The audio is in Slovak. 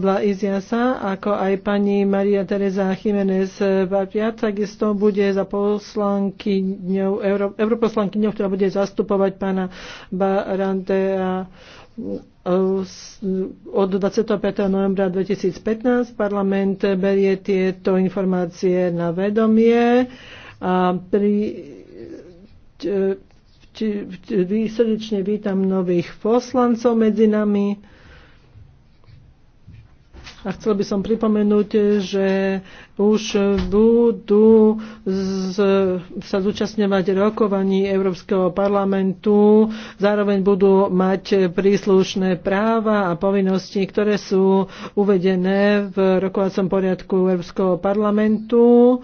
Blaiziasa, ako aj pani Maria Teresa Jiménez Barbia, takisto bude za poslankyňou, euro, europoslankyňou, ktorá bude zastupovať pána Barantea uh, od 25. novembra 2015. Parlament berie tieto informácie na vedomie a pri či, či, či, srdečne vítam nových poslancov medzi nami. A chcel by som pripomenúť, že už budú z, sa zúčastňovať rokovaní Európskeho parlamentu, zároveň budú mať príslušné práva a povinnosti, ktoré sú uvedené v rokovacom poriadku Európskeho parlamentu.